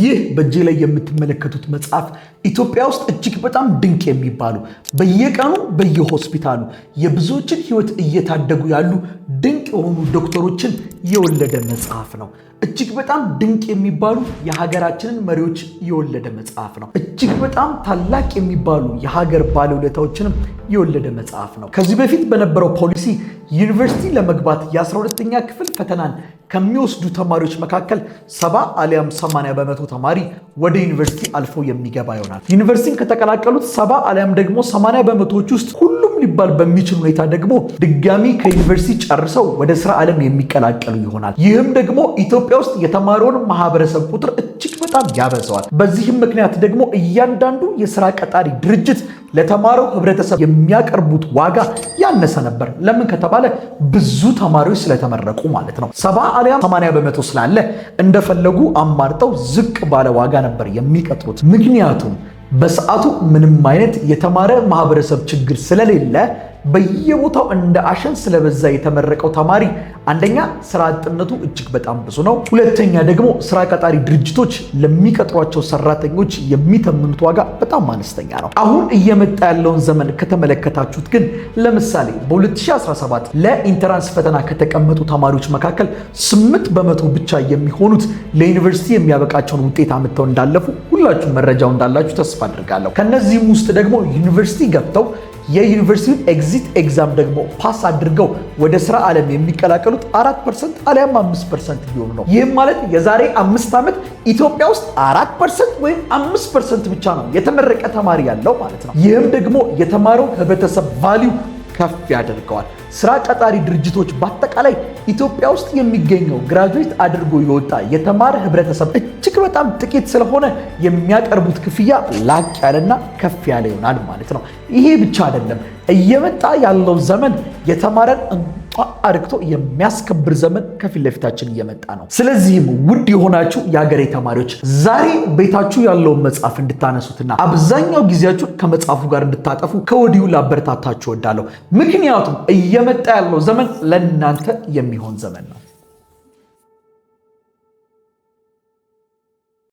ይህ በእጄ ላይ የምትመለከቱት መጽሐፍ ኢትዮጵያ ውስጥ እጅግ በጣም ድንቅ የሚባሉ በየቀኑ በየሆስፒታሉ የብዙዎችን ሕይወት እየታደጉ ያሉ ድንቅ የሆኑ ዶክተሮችን የወለደ መጽሐፍ ነው። እጅግ በጣም ድንቅ የሚባሉ የሀገራችንን መሪዎች የወለደ መጽሐፍ ነው። እጅግ በጣም ታላቅ የሚባሉ የሀገር ባለውለታዎችንም የወለደ መጽሐፍ ነው። ከዚህ በፊት በነበረው ፖሊሲ ዩኒቨርሲቲ ለመግባት የ12ኛ ክፍል ፈተናን ከሚወስዱ ተማሪዎች መካከል ሰባ አሊያም 80 በመቶ ተማሪ ወደ ዩኒቨርሲቲ አልፎ የሚገባ ይሆናል። ዩኒቨርሲቲን ከተቀላቀሉት ሰባ አሊያም ደግሞ 80 በመቶዎች ውስጥ ሁሉም ሊባል በሚችል ሁኔታ ደግሞ ድጋሚ ከዩኒቨርሲቲ ጨርሰው ወደ ስራ ዓለም የሚቀላቀሉ ይሆናል። ይህም ደግሞ ኢትዮጵያ ውስጥ የተማሪውን ማህበረሰብ ቁጥር እጅግ በጣም ያበዛዋል። በዚህም ምክንያት ደግሞ እያንዳንዱ የስራ ቀጣሪ ድርጅት ለተማረው ህብረተሰብ የሚያቀርቡት ዋጋ ያነሰ ነበር። ለምን ከተባለ ብዙ ተማሪዎች ስለተመረቁ ማለት ነው። ሰባ አሊያም 80 በመቶ ስላለ እንደፈለጉ አማርጠው ዝቅ ባለ ዋጋ ነበር የሚቀጥሩት ምክንያቱም በሰዓቱ ምንም አይነት የተማረ ማህበረሰብ ችግር ስለሌለ በየቦታው እንደ አሸን ስለበዛ የተመረቀው ተማሪ አንደኛ ስራ አጥነቱ እጅግ በጣም ብዙ ነው። ሁለተኛ ደግሞ ስራ ቀጣሪ ድርጅቶች ለሚቀጥሯቸው ሰራተኞች የሚተምኑት ዋጋ በጣም አነስተኛ ነው። አሁን እየመጣ ያለውን ዘመን ከተመለከታችሁት ግን ለምሳሌ በ2017 ለኢንትራንስ ፈተና ከተቀመጡ ተማሪዎች መካከል ስምንት በመቶ ብቻ የሚሆኑት ለዩኒቨርሲቲ የሚያበቃቸውን ውጤት አምጥተው እንዳለፉ ሁላችሁ መረጃው እንዳላችሁ ተስፋ አድርጋለሁ። ከነዚህም ውስጥ ደግሞ ዩኒቨርሲቲ ገብተው የዩኒቨርሲቲውን ኤግዚት ኤግዛም ደግሞ ፓስ አድርገው ወደ ስራ ዓለም የሚቀላቀሉት አራት ፐርሰንት አሊያም አምስት ፐርሰንት ቢሆኑ ነው። ይህም ማለት የዛሬ አምስት ዓመት ኢትዮጵያ ውስጥ አራት ፐርሰንት ወይም አምስት ፐርሰንት ብቻ ነው የተመረቀ ተማሪ ያለው ማለት ነው። ይህም ደግሞ የተማረው ህብረተሰብ ቫሊዩ ከፍ ያደርገዋል። ስራ ቀጣሪ ድርጅቶች በአጠቃላይ ኢትዮጵያ ውስጥ የሚገኘው ግራጁዌት አድርጎ የወጣ የተማረ ህብረተሰብ እጅግ በጣም ጥቂት ስለሆነ የሚያቀርቡት ክፍያ ላቅ ያለና ከፍ ያለ ይሆናል ማለት ነው። ይሄ ብቻ አይደለም፣ እየመጣ ያለው ዘመን የተማረን አርግቶ የሚያስከብር ዘመን ከፊት ለፊታችን እየመጣ ነው። ስለዚህም ውድ የሆናችሁ የሀገሬ ተማሪዎች ዛሬ ቤታችሁ ያለውን መጽሐፍ እንድታነሱትና አብዛኛው ጊዜያችሁ ከመጽሐፉ ጋር እንድታጠፉ ከወዲሁ ላበረታታችሁ እወዳለሁ። ምክንያቱም እየመጣ ያለው ዘመን ለእናንተ የሚሆን ዘመን ነው።